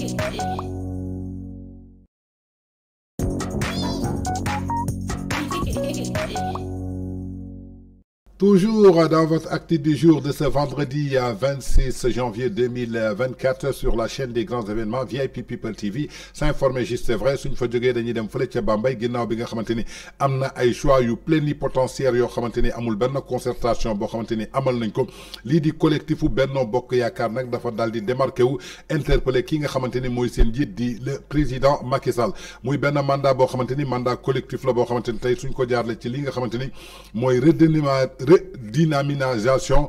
Thank you. Toujours dans votre acte du jour de ce vendredi 26 euh, janvier 2024 sur la chaîne des grands événements VIP People TV s'informer juste vrai suñ fa jógee dañuy dem fële ca Bambey ginnaaw bi nga xamante ni ay choix yu plénipotentiaire potentiel. xamante ni amul concertation boo xamante amal nañ ko di Benno Bokk Karnak nag dafa daal di démarqué interpellé ki nga xamante ni mooy di le président Macky Sall muy benn mandat boo mandat collectif la boo xamante ni tey suñ ko jaarle ci li nga redynamisation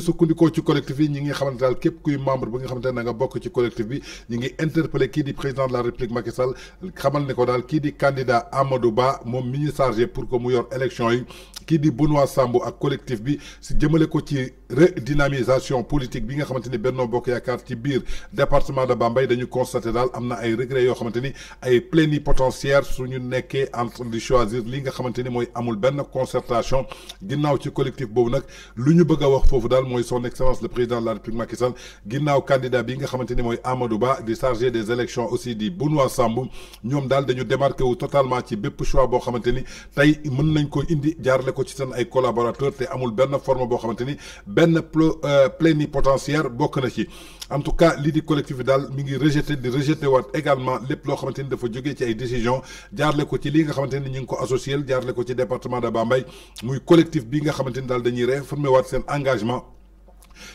ñu sukkandikoo ci collectif yi ñi ngi xamante daal képp kuy membre bi nga xamante nga bokk ci collectif bi ñi interpellé qui di président de la république Macky Sall xamal ne ko daal kii di candidat Amadou Ba mon mi ñu chargé pour que mu yor élection yi qui di Benoît sambo ak collectif bi si jëmele ko ci redynamisation politique bi nga xamanteni Benno Bokk Yaakaar ci biir département de Bambey dañu constaté dal dans ay regrets yo xamanteni plénipotentiaire ay une suñu entre les choisir li nga xamanteni moy amul benn concertation ginnaw ci collectif bobu nak luñu bëgg wax son excellence le président de la République Macky Sall ginnaw candidat bi nga xamanteni moy Amadou Ba di chargé des élections aussi di Benoît sambo ñom dal dañu démarquer wu totalement ci bépp choix bo xamanteni tay tey mën nañ ko indi jaarale ko ci ay collaborateurs et amul ben forme bo xamanteni ni potentiel euh, plénipotentiaire bokk na ci en tout cas l'idée collective collectif bi mi ngi rejeté di rejeté également les lo xamanteni dafa jógee ci ay décision jaarle ko ci li nga xamanteni ñing ko associé jaarle ko ci département de oui muy collectif bi nga xamanteni dal dañuy réformer sen engagement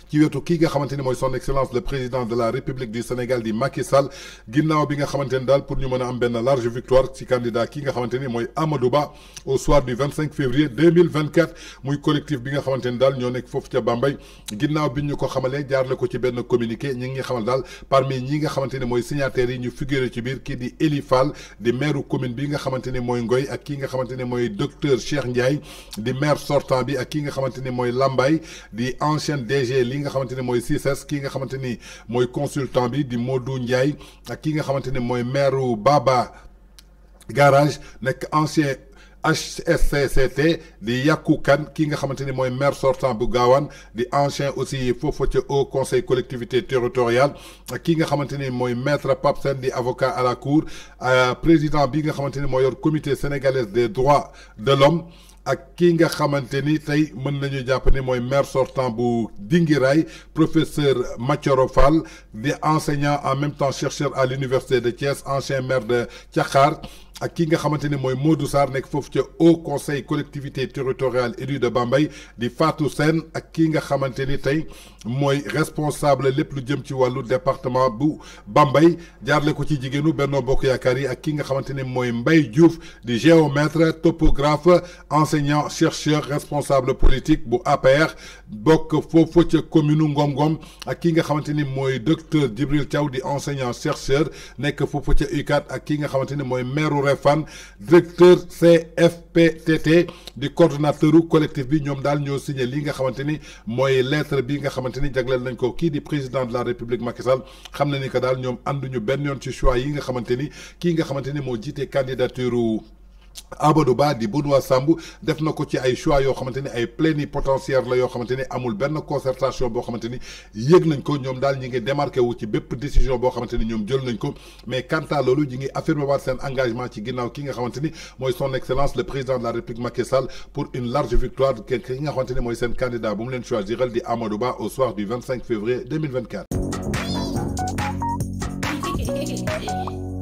ci wetu kii nga xamanteni moy son excellence le président de la république du Sénégal di Macky Sall ginnaw bi nga xamanteni dal pour ñu mëna am ben large victoire ci candidat ki nga xamanteni moy Amadou Ba au soir du 25 février 2024 muy collectif bi nga xamanteni dal ñoo nek fofu ci Bambay ginnaw bi ñu ko xamalee jaarale ko ci ben communiqué ñi nga xamal dal parmi ñi nga xamanteni moy signataire signataires yi ñu figuré ci bir ki di Eli Fall di maire commune bi nga xamanteni moy Ngoy ak ki nga xamanteni moy docteur Cheikh Ndiaye di maire sortant bi ak ki nga xamanteni moy Lambay di ancien DG remercier li nga xamanteni moy mooy ki nga consultant bi di Modou Ndiaye ak ki nga xamanteni moy Baba Garage Nek ancien. HSCCT di Yakou Kan ki nga xamanteni moy maire sortant bu Gawan di ancien aussi faux ci au conseil collectivité territoriale ki nga xamanteni moy maître Pape di avocat à la cour euh, président bi nga xamanteni comité sénégalais des droits de l'homme ak Kinga nga xamante ni tey maire sortant bu professeur Mathioro Fall di enseignant en même temps chercheur à l'université de Thiès ancien maire de Thiakhar ak ki nga xamante moy Modou sar nek fofu ci au conseil collectivité territoriale élu de bambay di Fatou à ak ki nga xamante tay moy responsable lepp lu jëm ci walu département bu Bambey jaarle ko ci jigenu Benno Bokk Yaakaar yi ak ki nga xamante moy Mbaye Diouf di géomètre topographe enseignant chercheur responsable politique bu APR bokk fofu ci commune Ngom Ngom ak ki nga xamante moy docteur Djibril Thiaw di enseignant chercheur nekk foofu ca 4 ak ki nga xamante moy maire directeur CFPTT du coordonnateur collectif bi Dal signé li nga moi lettre Binga nga xamante Nenko qui est ko président de la république Macky Sall Kadal na Andou que daal ñoom ànduñu benn yoon ci choix yi nga candidature Amadou Ba di Benoît Sambou def na ko ci ay choix yo xamanteni ni ay plénipotentiaire la yo xamanteni ni amul benn concertation boo xamante ni nañ ko ñom dal ñi ngi démarqué wu ci bép décision bo xamanteni ñom jël nañ ko mais quant à loolu ñi ngi affirmé waat sen engagement ci ginnaw ki nga xamanteni moy son excellence le président de la république Macky Sall pour une large victoire ki nga xamanteni moy sen candidat bu mu leen choisiral di Amadou Ba au soir du 25 février 2024.